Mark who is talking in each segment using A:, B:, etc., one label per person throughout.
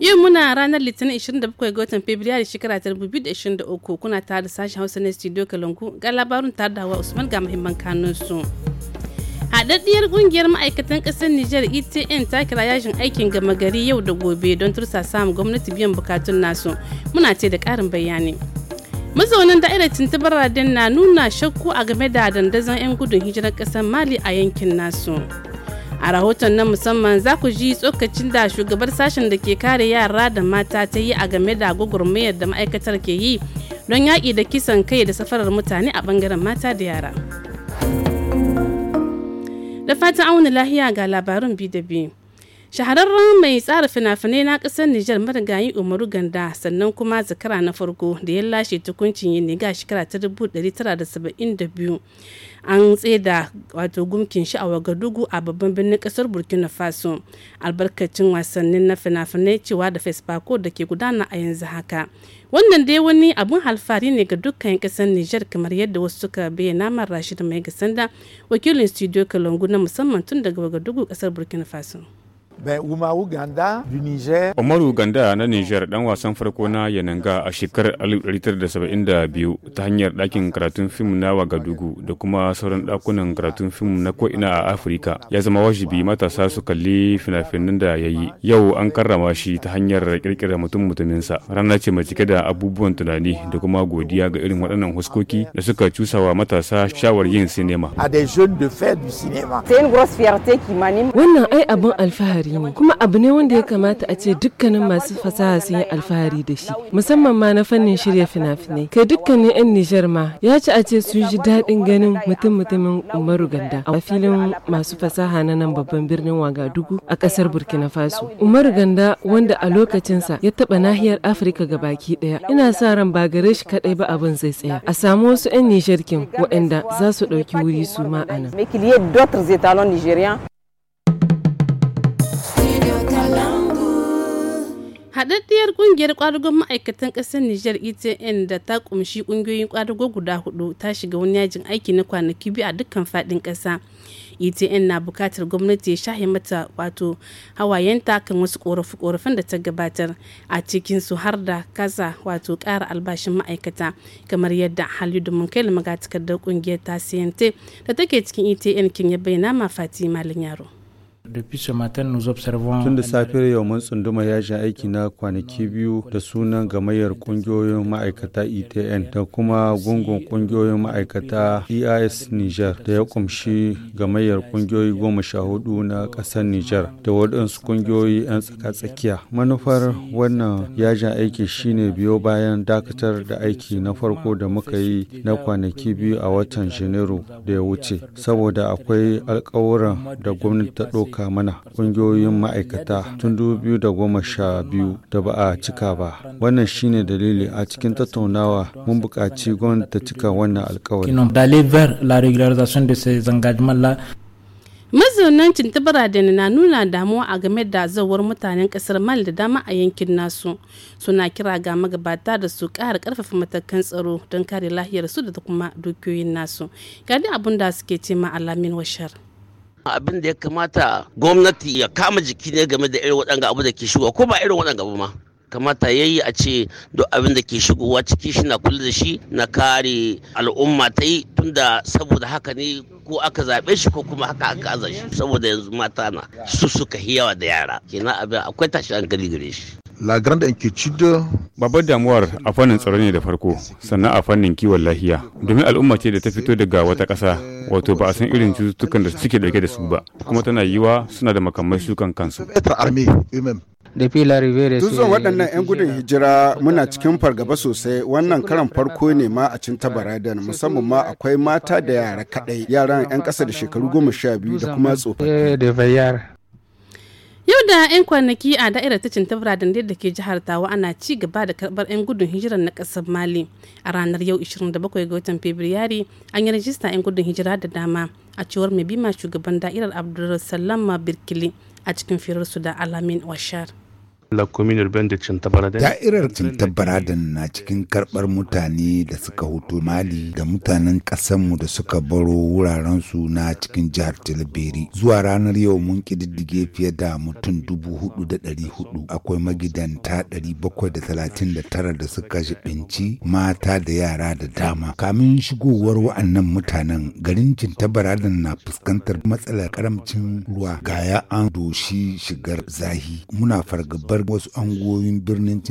A: Yau muna ranar Litinin 27 ga watan Fabrairu shekara 2023 kuna tare da sashen Hausa na Studio Kalangu ga labarin tare da Hawa Usman ga muhimman kanunsu. Haɗaɗɗiyar ƙungiyar ma'aikatan ƙasar Nijar ETN ta kira yajin aikin gama gari yau da gobe don tursa samun gwamnati biyan bukatun nasu. Muna ce da ƙarin bayani. mazaunin da'irar tuntubar radin na nuna shakku a game da dandazon 'yan gudun hijirar ƙasar mali a yankin nasu a rahoton na musamman za ku ji tsokacin da shugabar sashen da ke kare yara da mata ta yi a game da gwagwarmayar da ma'aikatar ke yi don yaƙi da kisan kai da safarar mutane a bangaren mata da yara da fatan auna lahiya ga labarin biyu da biyu shahararren mai tsara fina-finai na kasar Nijar marigayi Umaru Ganda sannan kuma zakara na farko da ya lashe tukuncin yin niga shekara ta 1972 an tseda wato gumkin shi a Wagadugu a babban birnin kasar Burkina Faso albarkacin wasannin na fina-finai cewa da Fesfako da ke gudana a yanzu haka. Wannan dai wani abun alfahari ne ga dukkan kasar Nijar kamar yadda wasu suka bayyana man Rashid Mai sanda wakilin studio kalangu na musamman tun daga Wagadugu kasar Burkina Faso. Ben Uma Uganda du Niger.
B: Umaru Uganda na Niger dan wasan farko na Yananga a shekarar 1972 ta hanyar ɗakin karatun fim na Wagadugu da kuma sauran ɗakunan karatun fim na ko'ina a Afirka. Ya zama wajibi matasa su kalli fina-finan da ya yi. Yau an karrama shi ta hanyar kirkira mutum mutuminsa. Rana ce mai cike da abubuwan tunani da kuma godiya ga irin waɗannan huskoki da suka cusawa matasa shawar yin sinema.
A: Wannan ai abin alfahari kuma abu ne wanda ya kamata a ce dukkanin masu fasaha sun yi alfahari da shi musamman ma na fannin shirya fina-finai kai dukkanin 'yan nijar ma ya ci a ce sun ji daɗin ganin mutum-mutumin umaru ganda a filin masu fasaha na nan babban birnin wagadugu a ƙasar burkina faso umaru ganda wanda a lokacinsa ya taɓa nahiyar afirka ga baki ɗaya ina sa ran ba gare shi kaɗai ba abin zai tsaya a samu wasu 'yan nijar kin waɗanda za su ɗauki wuri su ma a nan haɗaɗɗiyar ƙungiyar ƙwadugon ma'aikatan ƙasar Nijar ETN da ta ƙumshi ƙungiyoyin ƙwadugo guda hudu ta shiga wani yajin aiki na kwanaki biyu a dukkan faɗin ƙasa. ETN na buƙatar gwamnati ya shahe mata wato hawayenta kan wasu korafi korafin da ta gabatar a cikin su har da kasa wato ƙara albashin ma'aikata kamar yadda Halidu kai magatakardar ƙungiyar ta CNT da take cikin ETN kin ya bayyana ma Fatima Malin Yaro.
C: Tun da
D: safiyar yau mun tsunduma yashin aiki na kwanaki biyu da sunan gamayyar kungiyoyin ma'aikata ETN da kuma gungun kungiyoyin ma'aikata EIS Niger da ya kumshi gamayyar kungiyoyi goma sha hudu na ƙasar Niger da waɗansu kungiyoyi 'yan tsaka-tsakiya. Manufar wannan yajin aiki shine biyo bayan dakatar da aiki na farko da muka yi na kwanaki biyu a watan Janairu da ya wuce saboda akwai alkawuran da gwamnati ta ɗauka taimaka mana ƙungiyoyin ma'aikata tun biyu da ba a cika ba. Wannan shine dalili a cikin tattaunawa mun buƙaci gwamnati ta cika wannan alkawari.
A: mazaunan cintabara da na nuna damuwa a game da zawar mutanen kasar mali da dama a yankin nasu suna kira ga magabata da su kara ƙarfafa matakan tsaro don kare lahiyar su da kuma dukiyoyin nasu gadi abin da suke ce ma alamin washar. abin da ya kamata gwamnati ya kama jiki ne game da irin waɗanga abu da ke shigowa ko ba irin waɗanga ba ma kamata ya yi a ce duk abin da ke shigowa ciki shi na kula da shi na kare al'umma ta yi tunda saboda haka ne ko aka zaɓe shi ko kuma haka aka aza shi saboda yanzu mata na su suka yawa da yara kenan abin akwai tashi hankali gare shi
B: Babbar damuwar a fannin tsaro ne da farko, sannan a fannin kiwon lafiya. Domin al'umma ce da ta fito daga wata ƙasa, wato ba a san irin cututtukan da suke dauke da su ba, kuma tana yiwa suna da makamai su kansu. Tun zuwa waɗannan
C: 'yan gudun hijira muna cikin fargaba sosai wannan karan farko ne ma a cin tabaradan musamman ma akwai mata da yara kaɗai yaran 'yan ƙasa da shekaru goma sha biyu da kuma
A: tsofaffi. Yau da 'yan kwanaki a da'irar ta Cintabra da da ke jihar Tawa ana ci gaba da karbar 'yan gudun hijira na ƙasar Mali. A ranar yau 27 ga watan Fabrairu an yi rajista 'yan gudun hijira da dama a cewar mai bima shugaban da'irar Abdulsalam Birkili a cikin firarsu da Alamin Washar.
B: La Communal Band Cintabaradan. Da'irar
C: na cikin karɓar mutane da suka hutu Mali da mutanen ƙasanmu da suka baro wurarensu na cikin jihar Tilberi. Zuwa ranar yau mun kididdige fiye da mutum dubu hudu da ɗari hudu. Akwai magidanta ɗari bakwai da talatin da tara da suka shiɓinci mata da yara da dama. Kamin shigowar wa'annan mutanen garin Cintabaradan na fuskantar matsalar karamcin ruwa. Gaya an doshi shigar zahi. Muna fargabar yiwuwar wasu angoyin birnin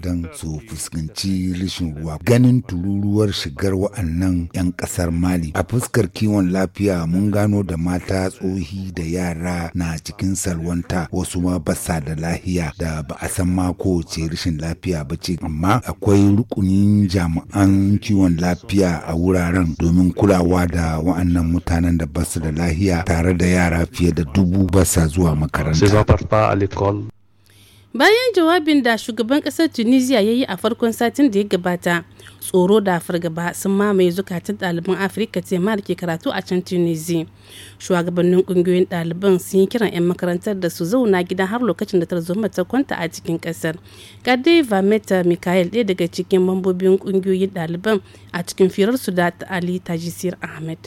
C: don su fuskanci rashin ruwa ganin tururuwar shigar wa'annan 'yan ƙasar Mali. A fuskar kiwon lafiya mun gano da mata tsohi da yara na cikin salwanta wasu ma basa da lahiya da ba a san ma ce rashin lafiya ba ce amma akwai rukunin jami'an kiwon lafiya a wuraren domin kulawa da wa'annan mutanen da basu da lahiya tare da yara fiye da dubu basa zuwa makaranta.
A: bayan jawabin da shugaban kasar tunisia ya yi a farkon satin da ya gabata tsoro da fargaba sun mamaye zukatan ɗaliban afirka ce da ke karatu a can tunisia shugabannin ƙungiyoyin ɗaliban sun yi kiran 'yan makarantar da su zauna gida har lokacin da tarzoma ta kwanta a cikin ƙasar kade vameta mikael ɗaya daga cikin mambobin ƙungiyoyin ɗaliban a cikin firar su da ali tajisir ahmed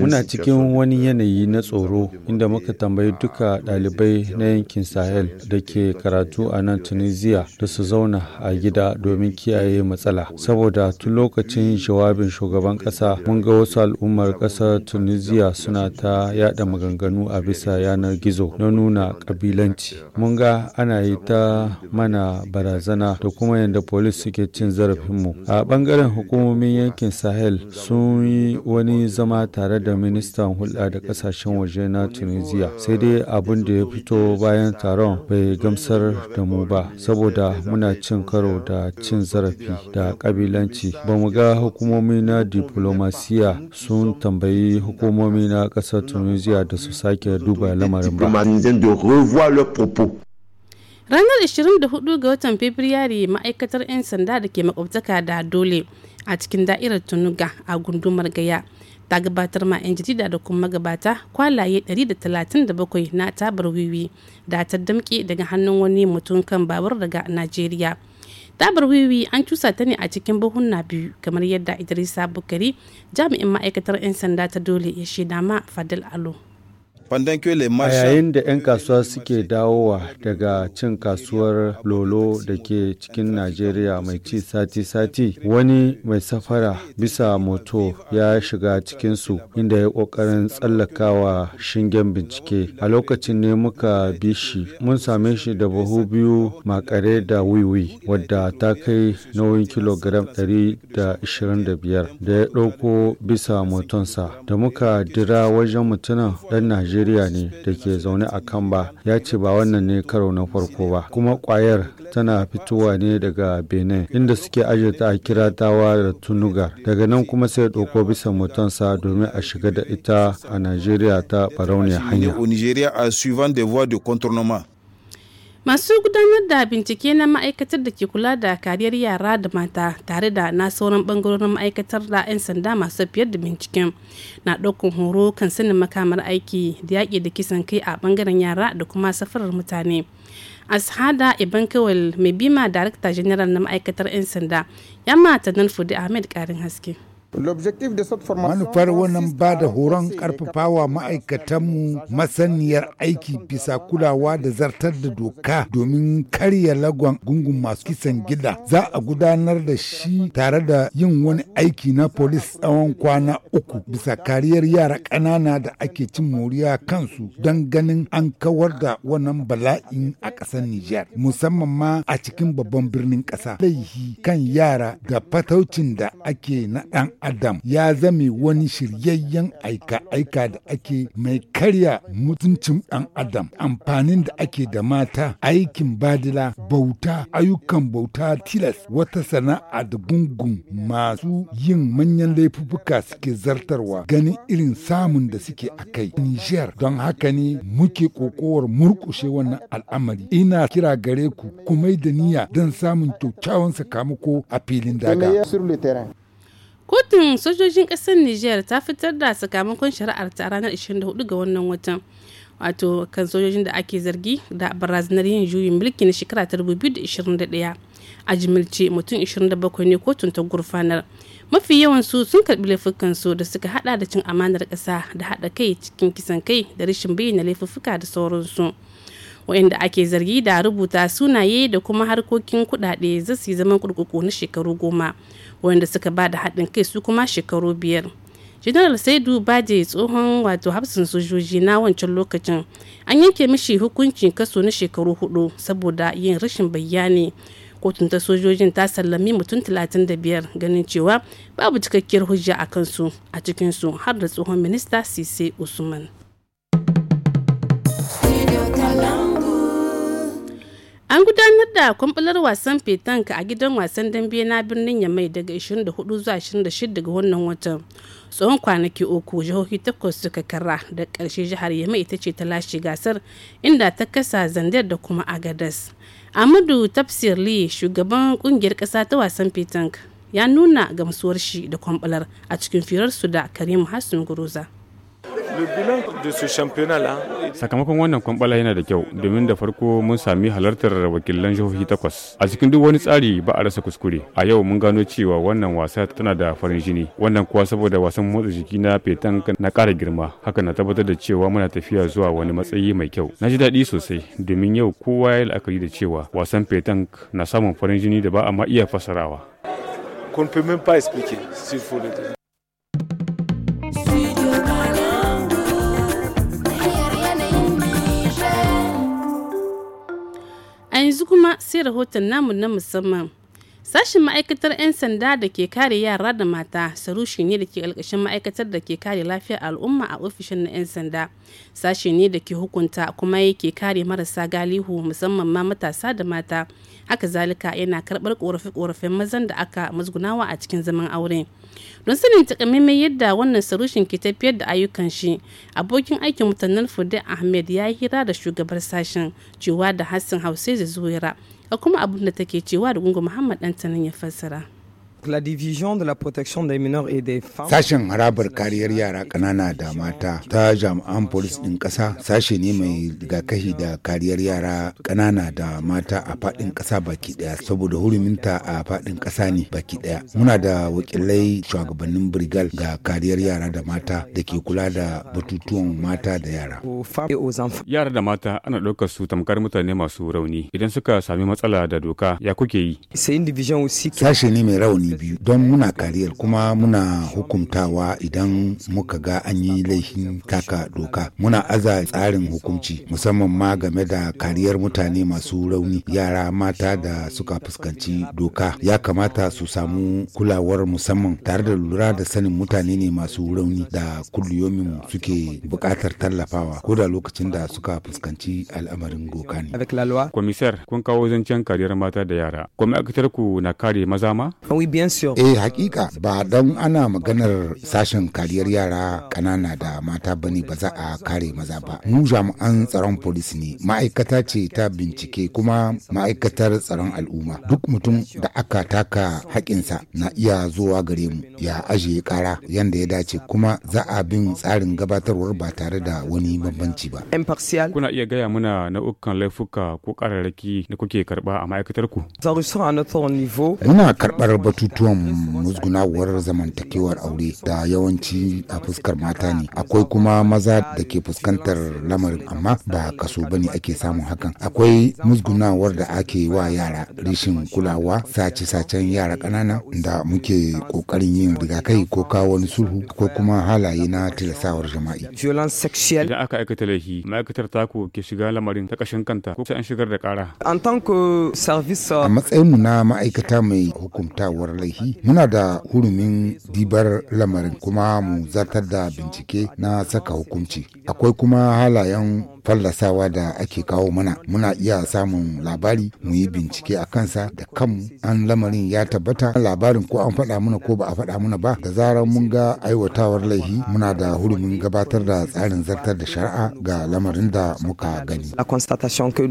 D: Muna cikin wani yanayi na tsoro inda muka tambayi duka ɗalibai na yankin Sahel da ke karatu a nan Tunisia da su zauna a gida domin kiyaye matsala. Saboda tun lokacin jawabin shugaban ƙasa mun ga wasu al'ummar ƙasar Tunisia suna ta yada maganganu a bisa yanar gizo na nuna ƙabilanci. Mun ga ana yi ta mana barazana da kuma yadda polis suke cin zarafinmu. A bangaren hukumomin yankin Sahel sun yi wani zama zama tare da ministan hulɗa da ƙasashen waje na Tunisia. Sai dai abin da ya fito bayan taron bai gamsar da mu ba, saboda muna cin karo da cin zarafi da kabilanci Ba mu ga hukumomi na diplomasiya sun tambayi hukumomi na ƙasar Tunisia da su sake duba lamarin ba.
A: ranar 24 ga watan fabrairu ma'aikatar 'yan sanda da ke makwabtaka da dole a cikin da'irar tunuga a gundumar gaya ta gabatar ma 'yan jarida da kuma magabata kwalaye 137 na tabar wiwi da ta damke daga hannun wani mutum kan babur daga najeriya tabar wiwi an cusa ta ne a cikin buhunna biyu kamar yadda idrisa bukari jami'in ma'aikatar 'yan sanda ta dole ya shaida ma fadil alo
D: a yayin da 'yan kasuwa suke dawowa daga cin kasuwar lolo da ke cikin najeriya mai ci sati-sati wani mai safara bisa moto ya shiga cikinsu inda ya kokarin tsallakawa shingen bincike a lokacin ne muka bi shi mun same shi da buhu biyu makare da wiwi wadda ta kai nauyin kilogram 125 da ya ɗauko bisa motonsa da muka dira wajen mutunan ɗan najeriya Najeriya ne da ke zaune a Kamba ya ce ba wannan ne karo na farko ba. Kuma kwayar tana fitowa ne daga Benin inda suke ajiye ta a tawa da tunugar. Daga nan kuma sai ɗauko bisa motonsa domin a shiga da ita a Najeriya ta barauniya hanya.
A: masu gudanar da bincike na ma'aikatar da ke kula da kariyar yara da mata tare da na sauran bangarorin ma'aikatar da 'yan sanda masu fiyar da binciken na ɗaukan horo kan sanin makamar aiki da yaƙi da kisan kai a bangaren yara da kuma safarar mutane ashada iban kawal mai bima darakta general na ma'aikatar 'yan sanda yamma tanar fudi ahmed karin haske
C: Manufar wannan ba da horon karfafawa ma'aikatanmu masaniyar aiki bisa kulawa da zartar da doka domin karya lagon gungun masu kisan gida za a gudanar da shi tare da yin wani aiki na polis tsawon kwana uku bisa kariyar yara ƙanana da ake cin moriya kansu don ganin an kawar da wannan bala'in a ƙasar Nijar musamman ma a cikin babban birnin ƙasa laihi kan yara da fataucin da ake na ɗan adam ya zame wani shiryayyen aika-aika da ake mai karya mutuncin ɗan adam amfanin da ake da mata aikin badila bauta ayyukan bauta tilas wata sana'a da gungun masu yin manyan laifuka suke zartarwa ganin irin samun da suke a kai niger don haka ne muke kokowar murkushe wannan al'amari ina kira gare ku kuma da niyya don samun kyakkyawan sakamako a filin daga.
A: Kotun sojojin ƙasar Nijar ta fitar da sakamakon shari'ar ta ranar 24 ga wannan watan. Wato kan sojojin da ake zargi da barazanar yin juyin mulki na shekara ta 2021. A jimilce mutum 27 ne kotun ta gurfanar. Mafi yawan su sun karɓi laifukansu da suka hada da cin amanar kasa da hada kai cikin kisan kai da rashin bayyana laifuka da sauransu. waɗanda ake zargi da rubuta sunaye da kuma harkokin kudade zasu yi zaman kurkuku na shekaru goma waɗanda suka ba da haɗin kai su kuma shekaru biyar general saidu baje tsohon wato hafsin sojoji na wancan lokacin an yanke mishi hukuncin kaso na shekaru hudu saboda yin rashin bayani kotun ta sojojin ta sallami mutum 35 ganin cewa babu cikakkiyar hujja a kansu a cikinsu har da tsohon minista sise usman An gudanar da kwamfular wasan petanka a gidan wasan dambe na birnin Yamai daga 24 zuwa 26 ga wannan watan. Tsohon kwanaki uku jihohi takwas suka kara da ƙarshe jihar Yamai ita ce ta lashe gasar inda ta kasa zandar da kuma agadas. Amadu Tafsir Lee shugaban kungiyar ƙasa ta wasan petanka ya nuna gamsuwar shi da kwamfular a cikin firarsu da Karim Hassan Guruza.
B: Sakamakon wannan kwambala yana da kyau domin da farko mun sami halartar wakilan jihohi takwas. A cikin duk wani tsari ba a rasa kuskure. A yau mun gano cewa wannan wasa tana da farin jini. Wannan kuwa saboda wasan motsa jiki na fetan na kara girma. Haka na tabbatar da cewa muna tafiya zuwa wani matsayi mai kyau. Na ji daɗi sosai domin yau kowa ya la'akari da cewa wasan fetan na samun farin jini da ba a ma iya fasarawa.
A: kuma sai rahoton namu na musamman. Sashen ma'aikatar 'yan sanda da ke kare yara da mata sarushi ne da ke alkashin ma'aikatar da ke kare lafiyar al'umma a ofishin na 'yan sanda. Sashe ne da ke hukunta kuma yake kare marasa galihu musamman ma matasa da mata. Haka zalika yana karɓar ƙorafe korafen mazan da aka musgunawa a cikin zaman aure. Don sanin takamaiman yadda wannan sarushin ke tafiyar da ayyukan shi, abokin aikin mutanen fudai Ahmed ya hira da shugabar sashen cewa da Hassan Hausai zuwa. ga kuma abin da take cewa da gungun muhammad dan tanin ya fassara la la division de protection des des et femmes.
C: Sashen harabar kariyar yara kanana da mata ta jami'an polis ɗin ƙasa sashe ne mai rigakafi da kariyar yara kanana da mata a faɗin ƙasa baki ɗaya saboda huruminta a faɗin ƙasa ne baki ɗaya. Muna da wakilai shugabannin brigal ga kariyar yara da mata da ke kula da batutuwan mata da yara.
B: Yara da mata ana ɗaukar su tamkar mutane masu rauni idan suka sami matsala da doka ya kuke yi.
C: Sashe ne mai rauni biyu don muna kariyar kuma muna hukumtawa idan muka ga an yi laifin taka doka muna aza tsarin hukunci musamman ma game da kariyar mutane masu rauni yara mata da suka fuskanci doka ya kamata su samu kulawar musamman tare da lura da sanin mutane ne masu rauni da kulliyomin suke buƙatar tallafawa ko da lokacin da suka fuskanci al'amarin doka
B: ne. Komisar kun kawo zancen kariyar mata da yara. kwamitar ku na kare maza ma?
C: eh hakika ba don ana maganar sashen kariyar yara kanana da mata bane ba za a kare maza ba mu jami'an tsaron polis ne ma'aikata ce ta bincike kuma ma'aikatar tsaron al'umma duk mutum da aka taka haƙinsa na iya zuwa gare mu ya ajiye kara yanda ya dace kuma za a bin tsarin gabatarwar ba tare da wani bambanci ba
B: kuna iya gaya mana nau'ukan laifuka ko kararraki da kuke karba a ma'aikatar ku
C: muna karɓar batutu mutuwan musgunawar zamantakewar aure da yawanci a fuskar mata ne akwai kuma maza da ke fuskantar lamarin amma ba kaso ne ake samun hakan akwai musgunawar da ake wa yara rishin kulawa sace-sacen yara ƙanana da muke ƙoƙarin yin rigakai ko kawo wani sulhu ko kuma halaye na tilasawar jama'i
B: idan aka aikata laifi ma'aikatar taku ke shiga lamarin ta ƙashin kanta ko sai an shigar da ƙara euh, a
C: matsayin na ma'aikata mai hukumtawar laihi muna da hurumin dibar lamarin kuma mu zartar da bincike na saka hukunci akwai kuma halayen fallasawa da ake kawo mana muna iya samun labari mu yi bincike a kansa da kanmu an lamarin ya tabbata labarin ko an faɗa mana ko ba a faɗa mana ba da zarar mun ga aiwatawar laihi muna da hurumin gabatar da tsarin zartar da shari'a ga lamarin da muka gani. a constatation que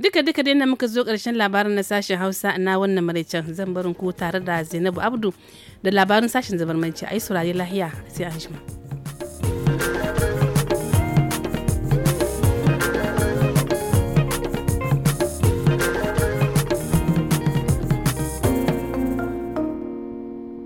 A: duka duka dai na muka zo karshen labarin na sashen hausa na wannan maraicen zan barin ku tare da zainabu abdu da labarin sashen zabarmanci a yi saurari lahiya sai an